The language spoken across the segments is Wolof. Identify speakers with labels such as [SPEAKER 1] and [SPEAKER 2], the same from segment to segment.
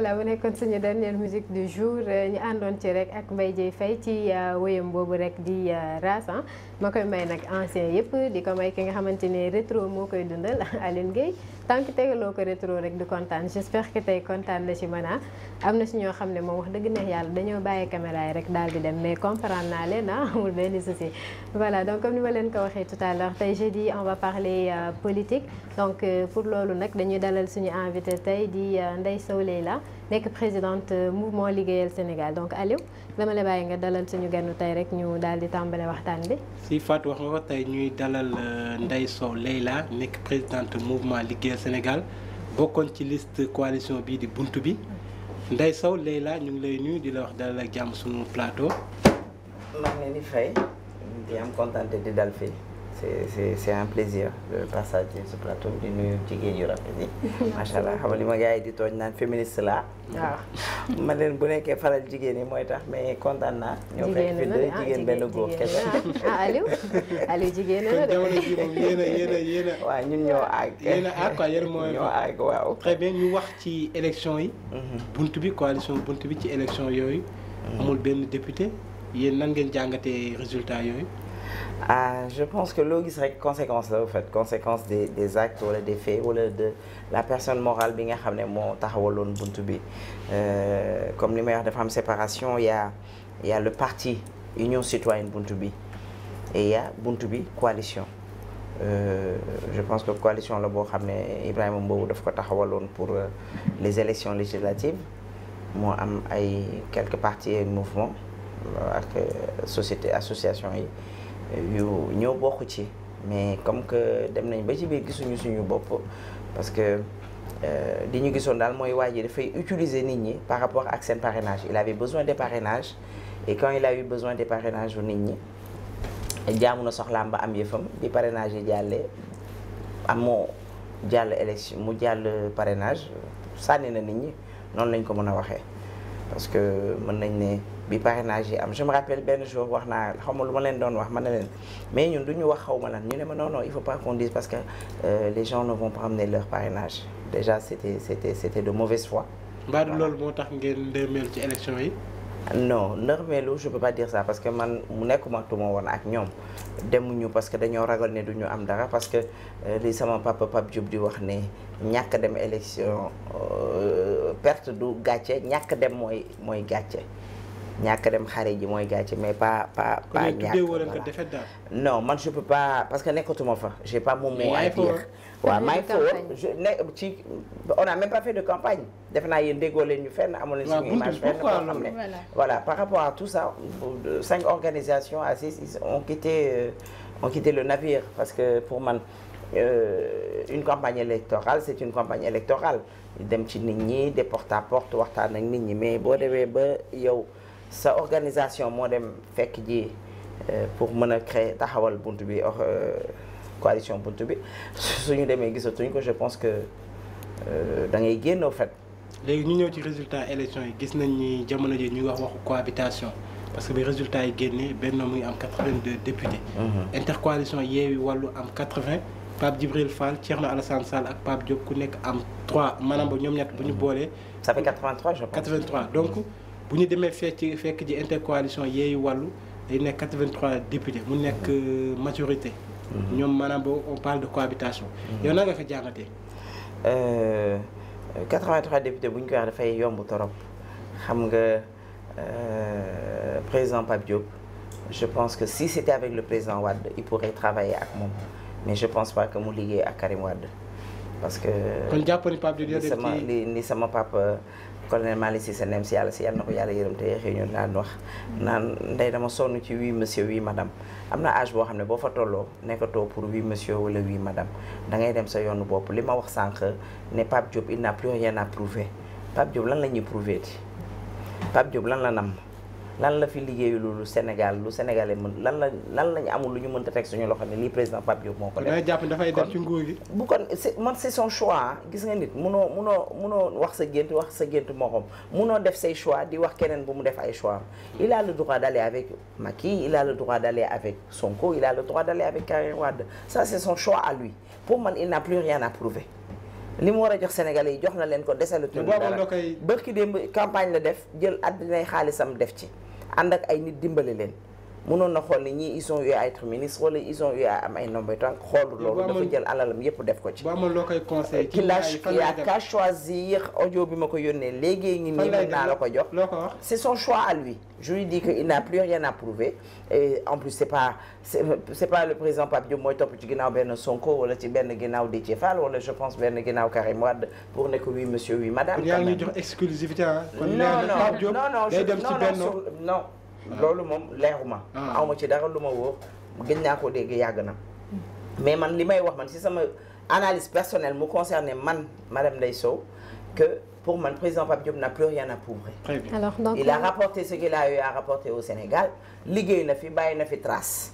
[SPEAKER 1] voilà bu nekkoon suñu dernière musique du jour eh, ñu àndoon ci rek ak Mbaye Dieye fay ci eh, wéyam boobu rek di eh, raas ah. ma koy may nag ancien ah, yëpp di ko may ki nga xamante ne rétro moo koy dundal Aline Gueye tant que tegaloo ko rétro rek du kontaan j'espère que tey kontaan na ci mën ah. am na si ñoo xam ne moom wax dëgg neex yàlla dañoo bàyyi caméra yi rek daal di dem mais comprendre naa leen ah amul benn souci voilà donc comme ni ma leen ko waxee tout à l'heure tey jeudi on va parler euh, politique donc euh, pour loolu nag dañuy dalal suñu invité tey di euh, Ndeye Sow Leila nekk présidente mouvement liggéeyal Sénégal donc Aliou dama la bàyyi nga dalal suñu ganu tey rek ñu daal di tàmbale waxtaan bi.
[SPEAKER 2] si Fatou wax nga ko tey ñuy dalal euh, Ndeye Sow Leila nekk présidente mouvement liggéeyal Sénégal bokkoon ci list coalition bii di bunt bi Ndeye Sow Leila ñu ngi lay nuyu di la wax dalal ak jàmm suñu plateau. maa
[SPEAKER 3] ngi leen di fay di am kontaan di dal fii. c'est c'est un plaisir de passer ci ce plateau di nuyu jigéen yu rafet yi macha allah xam nga li ma gars yi di tooñ naan féministe la waaw leen bu nekkee faral jigéen yi mooy tax mais kontaan naa ñoo fekk fi deux ah, jigéen benn góor kese
[SPEAKER 1] ah jigéen la de jamono ji
[SPEAKER 3] moom yéen a yéen a ñun ñoo àgg yéen a
[SPEAKER 2] waaw ñu wax ci élection yi mhm. bunt bi coalition bunt bi ci élection yooyu mhm. amul benn député yéen nan ngeen jàngatee résultat yooyu
[SPEAKER 3] ah je pense que loo gis rek conséquence la en fait conséquence des des actes wala des faits wala de la personne morale bi nga xam ne moo taxawaloon bunt bi euh, comme li may wax dafa am séparation il y a il le parti Union Citoyenne bunt bi et il y bunt bi coalition. Euh, je pense que coalition la boo xam ne Ibrahima Mbow daf ko taxawaloon pour euh, les élections législatives moo am ay quelques partis et mouvements ak euh, société association yi. yu ñëw bokk ci mais comme que dem nañ ba ci biir gisuñu suñu bopp parce que euh, li ñu gisoon daal mooy waa ji dafay utiliser nit ñi par rapport ak seen parrainage il avait besoin de parrainage et quand il a besoin de parrainage yu nit ñi jaamu na soxlaam ba am yëfam bi parrainage yi jàllee amoo jàll élection mu jàll parrainage sànni na nit ñi noonu lañ ko mën a waxee parce que mën nañ ne bi parrainage yi am je me rappelle benn jour wax naa xaw ma lu ma leen doon wax ma ne leen mais ñun du ñu wax xaw ma la ñu ne ma non non il faut pas qu'on parce que euh, les gens ne vont pas amener leur parrainage déjà c'était c'était c'était de mauvaise foi. mbaa loolu moo tax ngeen ndërmeel ci élection yi. non ndërmeelu je peux pas dire ça parce que man mu nekkuma tuma woon ak ñoom demuñu parce que dañoo ragal ne du ñu am dara parce que euh, li sama papa Pape Diop di wax ne ñàkk dem élection euh, perte du gàcce ñàkk dem mooy mooy gàcce. ñàkk dem xare ji mooy gàcce mais pas pas pas non man je peux pas parce que nekkatuma fa j'ai pas mon mot à dire je ne ci on a même de campagne def na yéen déggoo leen ñu fenn amoon leen suñu image fenn voilà par rapport à tout ça cinq organisations à six on ont quitté euh, ont quitté le navire parce que pour man Euh, une campagne électorale c'est une campagne électorale dem ci nit ñi de porte à porte waxtaan ak nit ñi mais boo demee ba yow sa organisation moo dem fekk ji euh, pour mën a créer taxawal bunt bi euh, coalition bunt bi ñu demee gisatuñ ko je pense que euh, da ngay génn au fait. léegi ñu ñëw
[SPEAKER 2] ci résultat élection yi gis nañ ni jamono ji ñuy wax waxu cohabitation parce que bi résultat yi génnee benn muy am 82 députés. Mhm. intercoalition Yewwi Wallu am 80 Pape Djibril Fall na Alassane Sall ak Pape Diop ku nekk am 3 maanaam ba ñoom ñett bu ñu boolee. ça fait 83 je donc. bu ñu demee fecc fekk ji intercoalition yeeyu wàllu day nekk 83 députés mu nekk mm-hmm. euh, majorité. Mm-hmm. ñoom maanaam boo on parle de cohabitation.
[SPEAKER 3] Mm-hmm. yow na nga ko jàngatee. 83 euh, députés bu ñu koy wax dafay yombu torop xam nga euh, président Pape Diop je pense que si c'était avec le président Wade il pourrait travailler ak moom mais je pense pas que mu liggéey ak Karim Wade parce que. kon jàpp ni Pape ni sama papa. colonel Malick Cissé nem si yàlla si yàlla na ko yàlla yërëm te yeexee ñu daan wax naan ndey dama sonn ci oui monsieur oui madame am na âge boo xam ne boo fa tolloo nekkatoo pour oui monsieur wala oui madame da ngay dem sa yoonu bopp li ma wax sànq ne Pape Diop il n'a plus rien à prouver Pape Diop lan la ñuy prouver ti Pape lan la nam lan la fi liggéeyu loolu Sénégal lu sénégalais mun lan la lan lañu amul lu ñu mënta teg suñu loxo ne lii président Pape Diop moo ko def. jàpp dafay def ci nguur gi. bu kon man c'est son choix gis nga nit munoo munoo munoo wax sa gént wax sa gént moo ko munoo def say choix di wax keneen bu mu def ay choix il a le droit d'aller avec Macky il a le droit d'aller avec Sonko il a le droit d'aller avec Karim Wade ça son choix à lui pour man il n'a plus rien à li mu war a jox Sénégalais jox na leen ko desalatuñu dara bërki démb campagne la def jël àddinay xaalisam def ci ànd ak ay nit dimbali leen mënoon na xool ni ñii ils sont eu ministre wala ils ont eu à am ay nombre tànk xoolu loolu dafa jël alalam yëpp ko ci boo amoon loo koy conseil ki la yaa qu'à choisir audio bi ma ko yónnee léegi ngi nii mën son choix à lui je lui dis i il n'a plus rien à prouver et en plus c'est pas c'est pas le président Pape Diop mooy topp ci ginnaaw benn Sonko wala ci benn ginnaaw Déthié Fall wala je pense benn ginnaaw Karim Wade pour ne ko oui monsieur oui madame. kon yaa ngi jox
[SPEAKER 2] exclusivité ah. non non non non
[SPEAKER 3] non loolu moom leeruma ma ah. awma ci dara lu ma wóor gën naa koo dégg yàgg na mais man li may wax man si sama analyse personnelle mu concerne man madame Ndeye Sow que pour man président Pape Diop n'a plus rien à prouver alors donc il a euh, rapporté ce qu'il a eu à rapporter au Sénégal liggéey na fi bàyyi na fi trace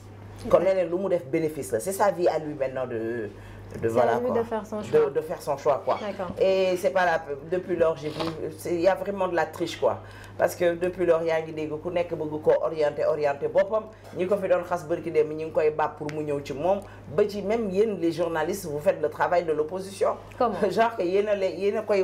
[SPEAKER 3] kon leneen lu mu def bénéfice la c'est sa vie à lui maintenant de de voilà quoi, de faire son choix, de, de faire son choix quoi. et c'est pas la depuis lors j'ai vu il y a de la triche quoi parce que depuis lors yaa ngi dégg ku nekk bëgg koo orienté orienté boppam ñi ko fi doon xas bërki dem ñi ngi koy bàpp pour mu ñëw ci moom ba ci même yéen le travail de l'opposition genre que yéen a la yéen a koy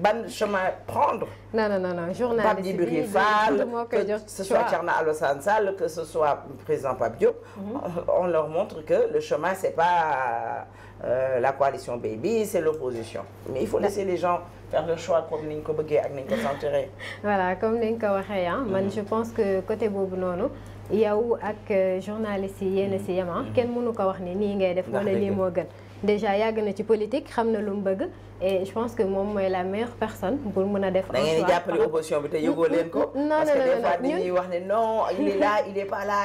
[SPEAKER 3] ban chemin prendre.
[SPEAKER 1] non non non
[SPEAKER 3] journaliste bi Pape Djibril Fall que ce soit Thierno Alassane Sall que ce soit président Pape Diop. Mhm. on leur montre que le chemin c'est pas euh, la coalition Baby c'est l'opposition mais il faut laisser les gens. faire le choix comme ni ñu ko bëggee ak ni ñu ko sentiree.
[SPEAKER 1] voilà comme ni nga ko waxee ah. man mhm. je pense que côté boobu noonu. yow ak euh, journaliste yi yéen a si yem ah. kenn mënu ko wax ni nii ngay def. wala lii moo gën. déjà yàgg na ci politique xam na lu mu bëgg et je pense que moom mooy la meilleure personne pour mën a def. da ngeen di
[SPEAKER 3] jàppale opposition bi leen ko. non non non parce wax ne non il est là il est pas là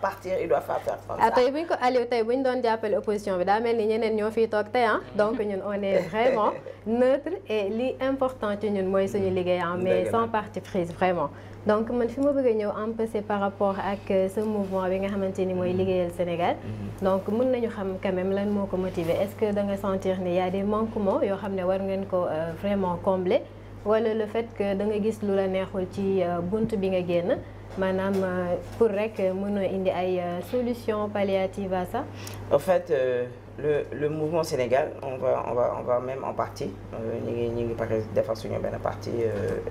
[SPEAKER 3] partir il doit pas faire comme ça. ah tey
[SPEAKER 1] bu ñu ko Aliou tey bu ñu doon jàppale opposition bi daa ni ñeneen ñoo fiy toog tey ah donc ñun on est vraiment neutre et li important ci ñun mooy suñu liggéeyam ah. mais sans parti prise vraiment. donc man fi ma bëgg a ñëw empêcher par rapport ak euh, ce mouvement bi nga xamante ni mooy mm-hmm. liggéeyal Sénégal. Mm-hmm. donc mën nañu xam quand même lan moo ko motiver est-ce que da nga sentir ni y a des manquements yoo xam ne war ngeen ko euh, vraiment combler wala le fait que da nga gis lu la neexul ci euh, bunt bi nga génn. maanaam pour rek mën a indi ay solution paliativa sax ça.
[SPEAKER 3] en fait euh, le le mouvement Sénégal on va on va on va même en partie ñu ngi ñu ngi pare defar suñu benn partie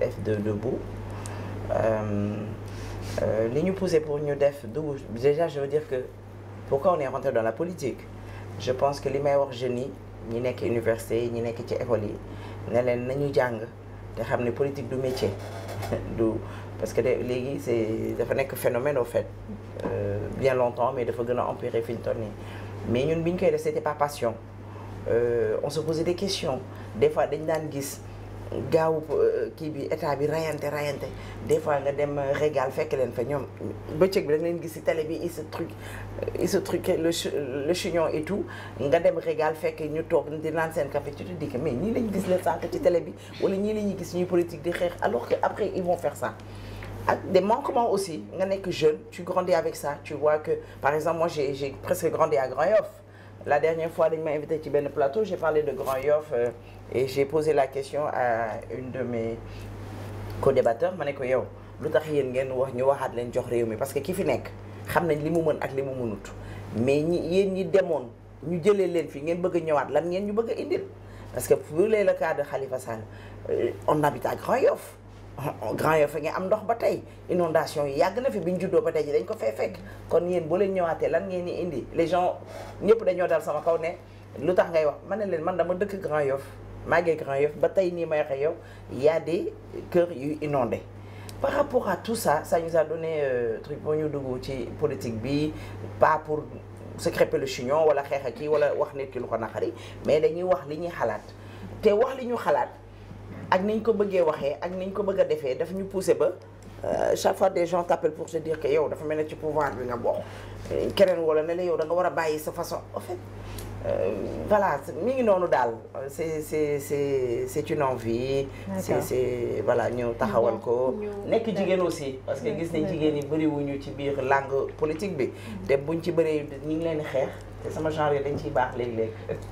[SPEAKER 3] F2 debout. Euh, euh, li ñu poussé pour ñu def dugg déjà je veux dire que pourquoi on est rentré dans la politique je pense que li may wax jeunes yi ñi nekk université yi ñi nekk ci école yi ne leen nañu jàng te xam ne politique du métier du parce que léegi c'est dafa nekk phénomène au fait euh, bien longtemps mais dafa gën a empirer fi ñu toll nii mais ñun bi ñu koy def c'était pas passion euh, on se posait des questions des fois dañ daan gis gaaw euh, kii bi état bi rayante rayante des fois nga dem euh, régal fekk leen fa ñoom bëccëg bi da leen gis ci télé bi il se truc euh, il se truc le chignon et tout nga dem régal fekk ñu toog di naan seen café ci tu dis que mais ñii lañu gis la sànq ci télé bi wala ñii la ñuy gis ñuy politique di xeex alors que après ils vont faire ça ak des manquements aussi nga nekk jeune tu grandis avec ça tu vois que par exemple moi j'ai presque grandi à Grand Yoff la dernière fois dañ ma invité ci benn plateau j'ai parlé de Grand Yoff et j'ai posé la question à une de mes co-débatteurs ma ne ko yow lu tax yéen ngeen wax ñu waxaat leen jox réew mi parce que ki fi nekk xam nañ li mu mën ak li mu mënut mais ñi yéen ñi demoon ñu jëlee leen fii ngeen bëgg a ñëwaat lan ngeen ñu bëgg indil parce que pour les la cas de Khalifa Sall euh, on habite à Grand Yoff Grand Yoff nga am ndox ba tey inondation yi yàgg na fi bi ñu juddoo ba tey ji dañ ko fee fekk kon yéen boo leen ñëwaatee lan ngeen di indi les gens ñëpp dañoo dal sama kaw ne lu tax ngay wax ma ne leen man dama dëkk Grand Yoff màggee Grand Yoff ba tey nii may waxee yow y a kër yu inondé par rapport a tout ça ça nous a donné euh, truc boo ñu dugg ci politique bi pas pour se crêper le chignon wala xeex a kii wala wax nit ki lu ko naqari mais dañuy wax li ñuy xalaat te wax li ñu xalaat ak ñu ko bëggee waxee ak ñu ko bëgg a defee daf ñu pousser ba euh, chaque fois de gens t'appellent pour te dire yow dafa mel ne ci pouvoir bi nga bokk keneen wala ne yow da nga war a bàyyi sa façon en Euh, voilà mi ngi noonu daal c'est c'est c'est c'est une envie. c'est c'est voilà taxawal ko. nekk jigéen aussi parce que gis nañ jigéen yi bëriwuñu ci biir langue politique bi. Mm. te buñ ci bëree ñu ngi leen xeex. te sama genre dañ ciy baax léeg-léeg.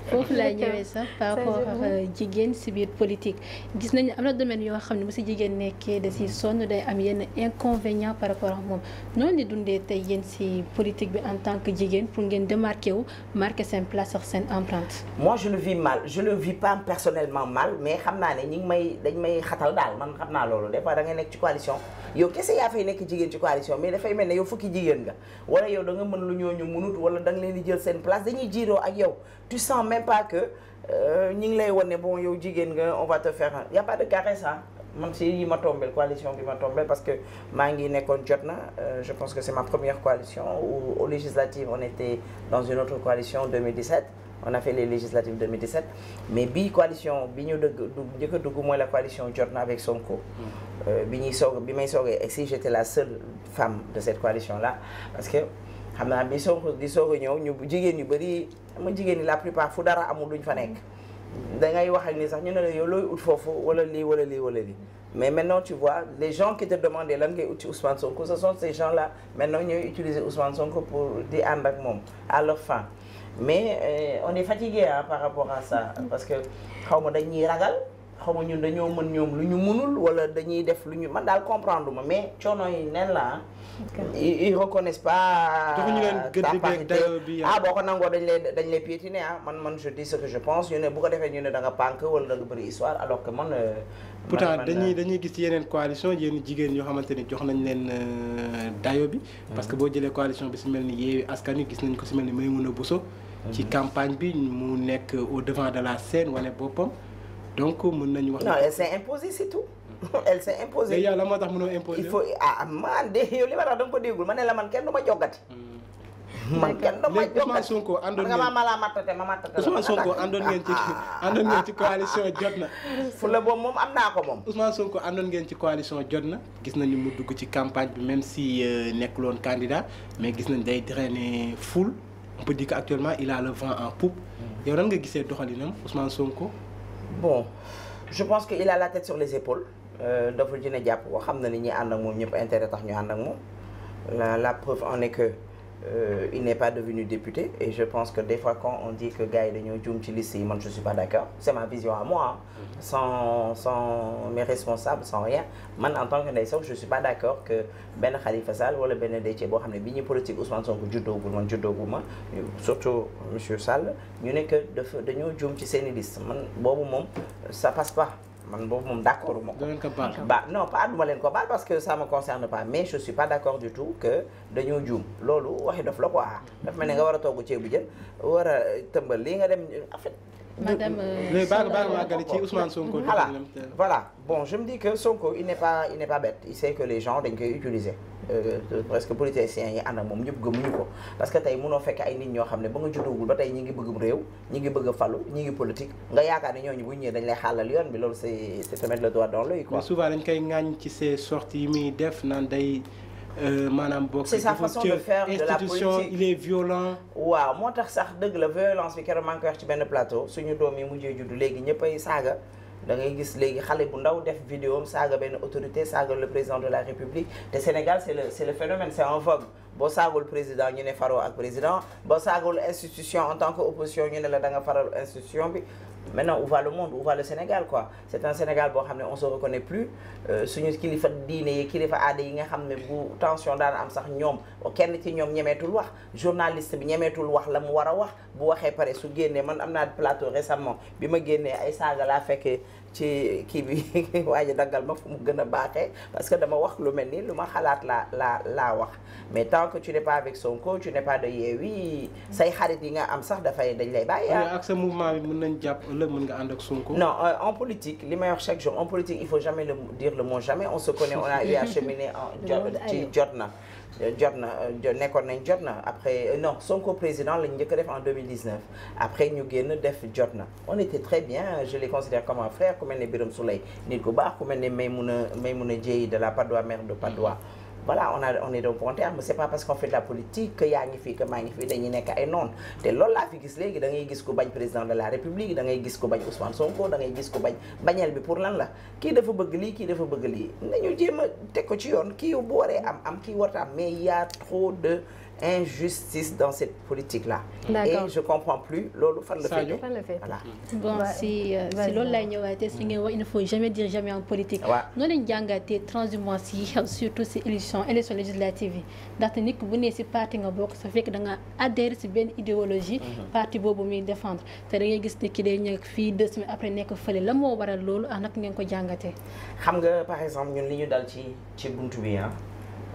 [SPEAKER 3] foofu laay ñëwee sax par rapport euh,
[SPEAKER 4] jigéen si biir politique gis nañu am na domaine yoo xam ne bu si jigéen nekkee da si sonn day am yenn inconvénient par rapport ak moom noonu la dundee tey yéen si politique bi en tant que jigéen pour ngeen démarqué wu marqué seen place ak seen empreinte.
[SPEAKER 3] moi je le vis mal je le vis pas personnellement mal mais xam naa ne ñi ngi may dañ may xatal daal man xam naa loolu des fois da nekk ci coalition. yow kese yaa fay nekk jigéen ci coalition mais dafay mel ne yow fukki jigéen nga wala yow da nga mën lu ñooñu mënut wala da nga leen di jël seen place dañuy jiiroo ak yo tu sens même pas que euh, ñi ngi lay wane bon yow jigéen nga on va te faire y a pas de caresse man si yi ma tombel coalition bi ma tombel parce que maa ngi nekkoon jot na euh, je pense que c'est ma première coalition où aux législatives on était dans une autre coalition en 2017 on a fait les législatives 2017 mais bii coalition bi ñu dëgg du njëkk a dugg mooy la coalition Jotna avec Sonko. Mm. Euh, bi ñu soog bi may soogee egsi j'étais la seule femme de cette coalition là parce que xam naa bi Sonko di soog a ñëw ñu jigéen ñu bëri ma jigéen ñi la plupart fu dara amul duñ fa nekk. dangay wax ak ni sax ñu ne la yow looy ut foofu wala lii wala lii wala lii mais maintenant tu vois les gens qui te lan ngay ut ci Ousmane Sonko ce sont ces gens là maintenant ñooy utiliser Ousmane Sonko pour di ànd ak moom à leur mais euh, on est fatigué par rapport à ça parce que xaw ma dañuy ragal. xaw ma ñun dañoo mën ñoom lu ñu mënul wala dañuy def lu ñu man daal comprendre ma mais coono yi neen la ah. ils reconnaissent pas ta euh, parité ah boo ko nangoo dañ lay dañ lay piétiner ah. man man je dis ce que ko defee ñu da nga pànk wala da nga bëri histoire alors que man euh,
[SPEAKER 2] euh, dañuy gis ci yeneen coalition yenn jigéen yoo xamante ni jox nañ leen dayo bi mm-hmm. parce que boo jëlee coalition bi si mel ni Yewwi Askan Wi gis nañ ko si mel ni Maïmouna Bousso mm-hmm. ci campagne bi mu nekk au devant de la scène wale boppam donc mën nañu wax. non elle
[SPEAKER 3] s'est imposée c'est tout. Mm-hmm. elle s'est imposée. la moo tax mënoo imposé. il faut ah man de yow li ma tax da nga ko déggul ma ne la man kenn du ma joggati. Mm-hmm. man kenn dama jokkoo Ousmane Sonko nga ma la mattate ma mattate la Ousmane Sonko àndoon ngeen ci àndoon
[SPEAKER 2] ngeen jot na. fu la moom am naa ko moom. Ousmane Sonko àndoon ngeen ci coalition jot na gis nañu mu dugg ci campagne bi même si euh, nekkul woon candidat mais gis nañ day drainer foule on peut dire que actuellement il a vent en poupe. Mm-hmm. yow nan nga gisee
[SPEAKER 3] doxalinam Ousmane Sonko. bon je pense que il a la tête sur les épaules dafa dina jàpp ko xam na ni ñi ànd ak moom ñëpp intérêt tax ñu ànd ak moom la la preuve en est que Euh, il n'est pas devenu député et je pense que des fois quand on dit que gars yi dañoo juum i liste yi man je suis pas d'accord c'est ma vision à moi mm-hmm. sans sans mes responsables sans rien man en tant que Ndeye Sow je suis pas d'accord que benn Khalifa sal wala benn Déthié boo xam ne bi ñuy politique Ousmane Sonko juddoogul man juddoogul ma surtout monsieur Sall ñu ne que dafa dañoo juum ci seeni liste man boobu moom ça passe pas man boobu moom d' accord ma ko ba non pas duma leen ko baal parce que ça me concerne pas mais je suis pas d' du tout que dañoo juum loolu waxi dof la quoi daf mel ne nga war a togg ceebu jën war a tëmbal lii nga dem en
[SPEAKER 4] madame mais baalu baalu àggali ci Ousmane Sonko. voilà
[SPEAKER 3] voilà bon je me dis que Sonko il n'est pas il n'est pas bête il sait que les gens dañ koy utiliser. Euh, presque politiciens yi ànd ak moom ñëpp gëmuñu ko parce que tey munoo fekk ay nit ñoo xam ne ba nga juddoogul ba tey ñi ngi bëgg réew ñi ngi bëgg falu ñi ngi politique nga yaakaar ne ñooñu bu ñu ñëwee dañ lay xàllal yoon bi loolu c'est c'est te mettre le doigt dans l'œil quoi. mais souvent dañ
[SPEAKER 2] koy ŋaañ ci ces sorties muy Euh, maanaam bokk c'est sa façon de faire de la politique il est violent
[SPEAKER 3] waaw moo tax sax dëgg la violence bi keroog maa ngi koy wax ci benn plateau suñu doom yi mujjee juddu léegi ñëpp ay saaga da gis léegi xale bu ndaw def vidéo am saaga benn autorité saaga le président de la république te Sénégal c'est le c'est le phénomène c'est en vogue boo saagul président ñu ne faroo ak président boo saagul institution en tant que opposition ñu ne la da nga faral institution bi maintenant où va le monde où le Sénégal quoi c'est un Sénégal boo xam ne on se reconnaît plus euh, suñu kilifa diine yi kilifa aada yi nga xam ne bu tension daan am sax ñoom kenn ci ñoom ñemeetul wax journaliste bi ñemeetul wax la mu war a wax bu waxee pare su génnee man am naa plateau récemment bi ma génnee ay saaga laa fekkee ci kii bi waaye daggal ma fu mu gën a baaxee parce que dama wax lu mel ni lu ma xalaat laa laa wax mais tant que tu n'es pas avec Sonko tu n'es pas de Yewwi say xarit yi nga am sax dafay dañ lay bàyyi. Ah. ak sa mouvement bi mën nañ jàpp la mun nga ànd ak Sonko. non euh, en politique li may wax chaque jour en politique il faut jamais le dire le mot jamais on se connaît on a eu à cheminer en jot ci jot na. jot na euh, nekkoon nañ jot na après euh, non Sonko président la njëkk a def en 2019 après ñu génn def jot na on était très bien je les considère comme un frère ku mel ne Birame Souleye nit ku baax ku mel ne Maymouna Maymouna Dièye de la Padoa mère de Padoa voilà on a on est de bon terme c'est pas parce qu'on fait de la politique yaa ngi fii que maa ngi fii dañuy nekk ay noon te loolu laa fi gis léegi da ngay gis ko bañ président de la république da ngay gis ko bañ Ousmane Sonko da gis ko bañ bañeel bi pour lan la kii dafa bëgg lii kii dafa bëgg lii nañu jéem a teg ko ci yoon kii bu waree am am kii warta am mais y trop de injustice dans cette politique la et je comprends plus loolu fan la
[SPEAKER 1] fee voilà.
[SPEAKER 4] bon si euh, si loolu lay ñëwaatee si ngeen mm. wax il ne faut jamais dire jamais en politique. waaw noonu lañ jàngatee transhumance yi xew surtout si élection élection législative yi ndaxte nit ku bu nee si parti nga bokk sa fekk da nga adhéré si benn idéologie. Mm-hmm. parti boobu muy défendre te da ngay gis ne ki day ñëw fii deux semaines après nekk fële la moo waral loolu ah nag ngeen ko jàngatee.
[SPEAKER 3] xam nga par exemple ñun li ñu dal ci ci buntu bi ah,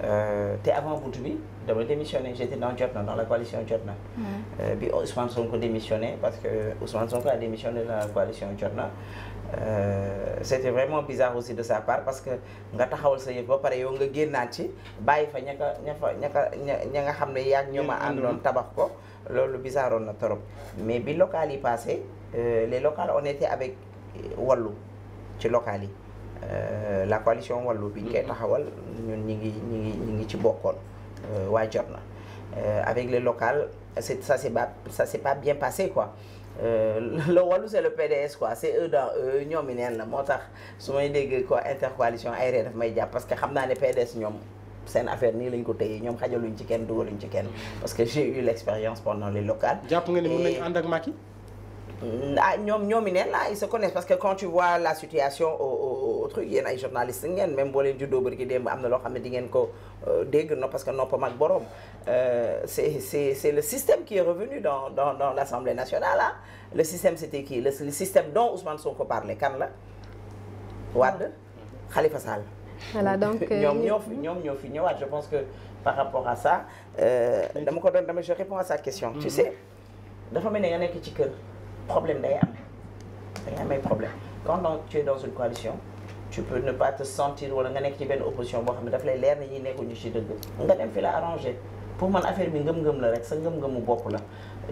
[SPEAKER 3] Euh, te avant buntu bi dama démissionné j'étais dans Jotna dans la coalition na euh, bi Ousmane Sonko démissionné parce que Ousmane Sonko a démissionné dans la coalition Jotna. Euh, c'était vraiment bizarre aussi de sa part parce que nga taxawal sa yëf ba pare yow nga génnaat ci bàyyi fa ña ka ña fa ña ka ña nga xam ne yaag ñoo ma mm-hmm. àndoon tabax ko loolu bizarroon na trop mais bi local yi passé les locales on avec wallu ci local yi. Euh, la coalition wàllu bi ñu koy mm-hmm. taxawal ñun ñi ngi ñi ngi ñi ngi ci bokkoon euh, waaye jot na euh, avec les locales c'est ça c'est pas ça c'est pas bien passé quoi le wàllu c'est le PDS quoi c'est eux dans eux ñoom i neen la moo tax su may dégg quoi intercoalition ay e daf may jàpp parce que xam naa ne PDS ñoom seen affaire nii lañ ko téye ñoom xajaluñ ci kenn dugaluñ ci kenn mm-hmm. parce que j'ai eu l'expérience pendant les locales jàpp nga ni mën nañu ànd ak Macky ah ñoom ñoom i neen la ah, ils se connaissent parce que quand tu vois la situation au au truc yéen ay journalistes ngeen même boo leen juddoo bërki am na loo xam ne di ngeen ko euh, dégg no parce que noppam ak borom euh, c'est c'est c'est le système qui est revenu dans dans dans l'Assemblée nationale ah le système c'était qui le système dont Ousmane Sonko parlait kan la Wade mm-hmm. Khalifa Sall voilà donc euh, ñoom ñoo fi ñoom ñoo fi ñëwaat je pense que par rapport à ça dama ko doon dama je réponds a sa question tu mm-hmm. sais dafa mel ne nga ci kër problème day am day am ay problème quand donc tu es dans une coalition tu peux ne pas te sentir wala nga nekk ci benn opposition boo xam ne daf lay leer ne ñi nekkuñu ci dëgg nga dem fi la arrangé pour man affaire bi ngëm-ngëm la rek sa ngëm-ngëmu bopp la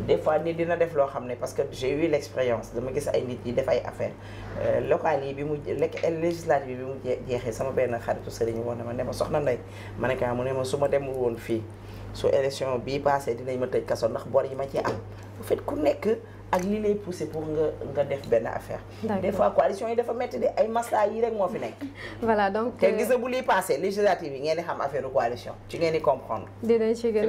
[SPEAKER 3] des fois nit dina def loo xam ne parce que j'ai eu l'expérience dama gis ay nit yi def ay affaire euh, locales yi bi mu lekk législative bi mu jeexee sama benn xaritu sëriñ woon na ma ne ma soxna Ndeye ma ne ka mu ne ma su ma demul woon fii su élection bii passé dinañ ma tëj kaso ndax bor yi ma ci am bu ak lii lay pousser pour nga nga def benn affaire. des fois coalition yi dafa métti de ay maslaa yi rek moo fi nekk.
[SPEAKER 1] voilà donc te euh, gis nga
[SPEAKER 3] bu liy passé législative yi ngeen di xam affaire coalition ci ngeen di comprendre.
[SPEAKER 1] dinañ ci gën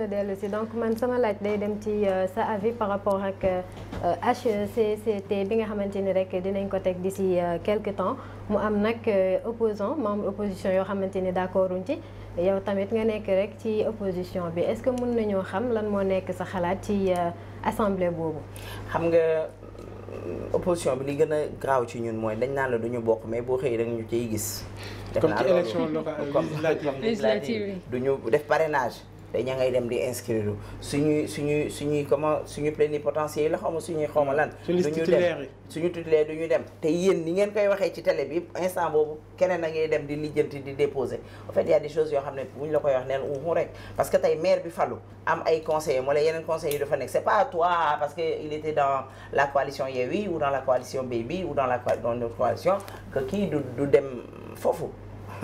[SPEAKER 1] a dellu donc man sama laaj day dem ci euh, sa avis par rapport ak euh, e t bi nga xamante ni rek dinañ ko teg d'ici quelque temps mu am nag opposant membre opposition yoo xamante ni d'accord uñ ci. yow tamit nga nekk rek ci opposition bi est-ce que mën nañoo xam lan moo nekk sa xalaat ci assemblée boobu.
[SPEAKER 3] xam nga opposition bi li gën a graaw ci ñun mooy dañ naa la duñu bokk mais boo xëyee rek ñu ciy gis. def naa loolu comme ci élection locale législative du def parrainage. te ña ngay dem di su inscrire suñuy suñuy suñuy comment suñu plénipotentiaire yi la xawma suñuy xawma lan duñu dem suñu du ñu dem te yéen ni ngeen koy waxee ci tele bi instant boobu keneen a ngay dem di lijjanti di déposer en fait il y a des yoo xam ne buñ la koy wax neen uhu rek parce que tey maire bi falu am ay conseillers wala yeneen conseillers yu dafa nekk c'est pas toi parce que il était dans la coalition Yewwi ou dans la coalition Baby ou dans la dans notre coalition que du dem foofu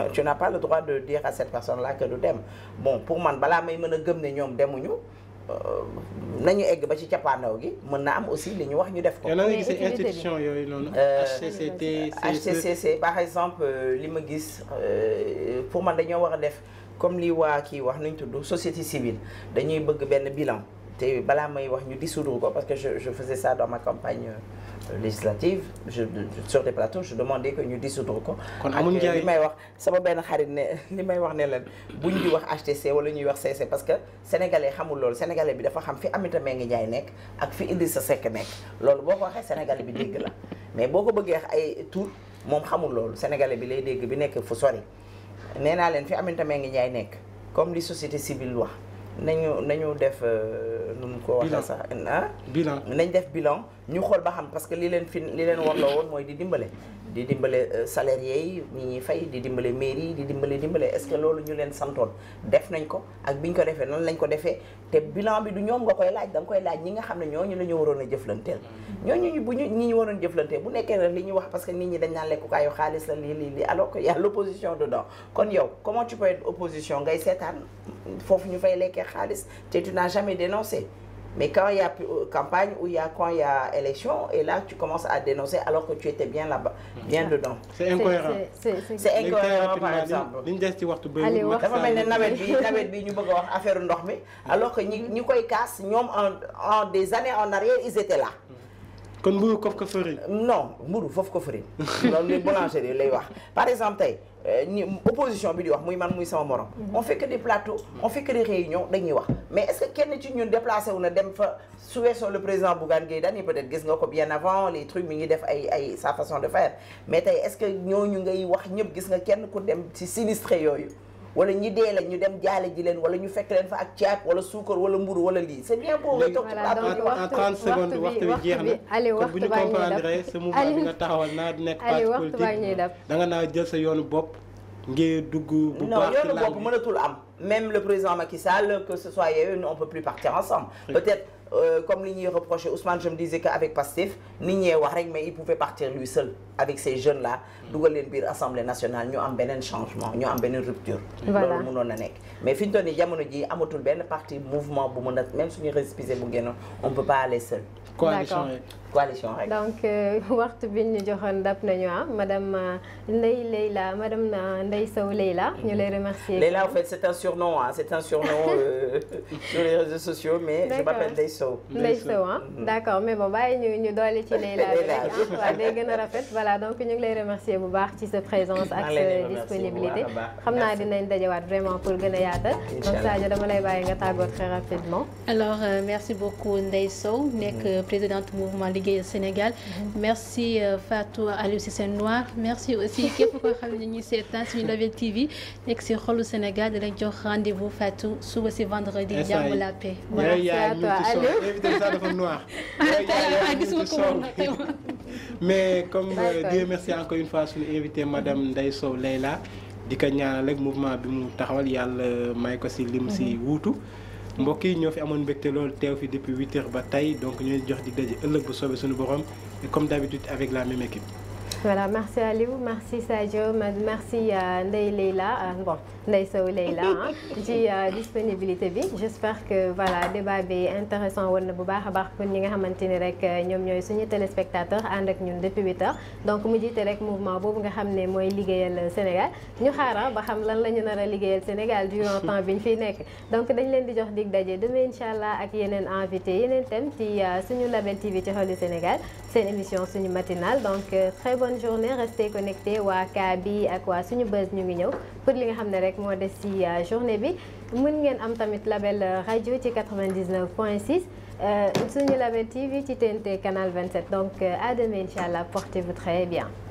[SPEAKER 3] tu n'as pas le droit de dire à cette personne là que du dem bon pour man balaa may mën a gëm ne ñoom demuñu euh, nañu egg ba ci cappaandaw gi mën na am aussi li ñu wax ñu def ko. mais gisee institution
[SPEAKER 2] yooyu noonu. HCCT
[SPEAKER 3] euh, HCCC e. par exemple euh, li ma gis pour man dañoo war a def comme li waa kii wax nuñ tudd société civile dañuy bëgg benn bilan te balaa may wax ñu dissoudre ko parce que je je faisais dans ma campagne. législative je sur des plateaux je demandais que ñu dissoudre ko. kon amuñu euh, jaay li may wax sama benn xarit ne li may wax ne leen buñ di wax HTC wala ñuy wax CC parce que sénégalais xamul loolu sénégalais bi dafa xam fi Aminata Mbengue Ndiaye nekk ak fi Idrissa Seck nekk loolu boo ko waxee sénégalais bi dégg la mais boo ko bëggee ay tur moom xamul loolu sénégalais bi lay dégg bi nekk fu sori nee naa leen fi Aminata ngi Ndiaye nekk comme li société civile wax nañu nañu def euh, nu mu ko waxee sax ah nañ def bilan ñu xool ba xam parce que li leen fi li leen warloo woon mooy di dimbale di dimbale euh, salarié yi ñi ñuy fay di dimbale mairie yi di dimbale dimbale est-ce que loolu ñu leen santoon def nañ ko ak biñ ko defee nan lañ ko defee te bilan bi du ñoom nga koy laaj da koy laaj ñi nga xam ne ñooñu la ñu waroon a jëflanteel ñooñu bu ñu ñi ñu waroon jëflanteel bu nekkee nag li ñu wax parce que nit ñi dañ naan lekkukaayu xaalis la lii lii lii alors que y a kon yow comment tu ngay seetaan foofu ñu fay lekkee xaalis te tu n'as jamais dénoncé Mais quand il y a euh, campagne ou il y a, quand il y a élection, et là tu commences à dénoncer alors que tu étais bien là-bas, mm. bien dedans. C'est incohérent. C'est incohérent par exemple.
[SPEAKER 2] dafa mel ne nawet bi nawet
[SPEAKER 3] bi ñu bëgg a wax affaire ndox mi alors que ñi ñi koy kaas ñoom en en des années en arrière ils étaient là. Mm. kon mburu kof ko non mburu foofu ko fëriñ loolu les boulangeries lay wax par exemple tey euh, ñu opposition bi di wax muy man muy sama moro mhm. on fait que des plateaux on fait que des dañuy wax mais est que kenn ci ñun déplacé wu na dem fa su weesoo le président Bougane Gueye peut-être gis nga ko bien avant les trucs mi ngi def ay ay sa façon de faire mais tey est-ce que ñu ngay wax ñëpp gis nga kenn ku dem ci sinistré yooyu wala ñi dee la ñu dem jaale ji leen wala ñu fekk leen fa ak ceeb wala suukar wala mburu wala lii c'est bien pour nga toog ci plateau en 30 secondes waxtu bi jeex na ali waxtu bu ñu comprendre sa mouvement bi nga
[SPEAKER 2] taxawal naa nekk parti politique da naa jël sa yoonu bopp ngir dugg bu baax yoonu bopp
[SPEAKER 3] mënatul am même le président Macky Sall que ce soit yooyu on peut plus partir ensemble peut-être Euh, comme li ñuy reproché Ousmane je me disais que avec Pastef nit ñee wax rek mais il pouvait partir lui seul avec ces jeunes là dugal leen biir assemblée nationale ñu am beneen changement ñu am beneen rupture loolu mënoon na nekk mais fi ñu toll nii jamono ji amatul benn parti mouvement bu mën a même suñu récépissé bu génnoon on peut pas aller seul coalition coalition rek donc
[SPEAKER 1] euh, waxtu bi ñu joxoon dab nañu ah madame euh, Ndeye Leila madame euh, Ndeye Sow Leila. ñu lay remercier. Leila en
[SPEAKER 3] fait c'est un surnom ah c'est un surnom euh, sur les réseaux sociaux mais. je m'appelle Ndeye Sow. Ndeye Sow ah
[SPEAKER 1] d'accord mais bon ñu ñu ci Leila bi a rafet voilà donc ñu ngi lay remercier bu baax ci sa présence. ak sa disponibilité xam naa dinañ dajawaat vraiment pour gën a yaatal. donc Sadio dama lay bàyyi nga tàggoo très rapidement. alors merci beaucoup Ndeye Sow nekk mm. présidente
[SPEAKER 4] mouvement liggéeyal Sénégal merci euh, Fatou Aliou Cissé Noir merci aussi képp koo xam ne ñuy seetaan suñu Label TV nekk si xolu Sénégal di la jox rendez-vous Fatou suba si vendredi jàmm la
[SPEAKER 2] mais comme euh, Dieu merci encore une fois suñu invité madame Ndeye Sow Leila di ko ñaanal ak mouvement bi mu taxawal yàlla may ko si lim si mhm. wuutu mbokk yi ñoo fi amoon mbégte loolu teew fi depuis huit heures ba tey donc ñu jox di daje ëllëg bu soobee suñu borom comme d'habitude avec la même équipe
[SPEAKER 1] voilà merci Aliou merci Sadio merci euh, Ndeye Leila euh, bon Ndeye Sow Leila ci euh, disponibilité bi j'espère que voilà débat bi intéressant woon na bu baax a baax pour ñi nga xamante ni rek ñoom ñooy suñu téléspectateur ànd ak ñun depuis huit heures donc mu jiite rek mouvement boobu nga xam ne mooy liggéeyal Sénégal ñu xaaral ba xam lan la ñu nar a liggéeyal Sénégal durant temps bi ñu fiy nekk donc dañ leen di jox dig daje demain incha allah ak yeneen invité yeneen thème ci suñu Label TV ci xolu Sénégal seen émission suñu matinale donc bonne journée restez connectés waa kaa bi ak waa suñu bës ñu ngi ñëw pour li nga xam ne rek moo des ci euh, journée bi mën ngeen am tamit label euh, rajo ci 99 point 6 euh, suñu label TV ci TNT canal 27 donc à demain incha allah portez très bien.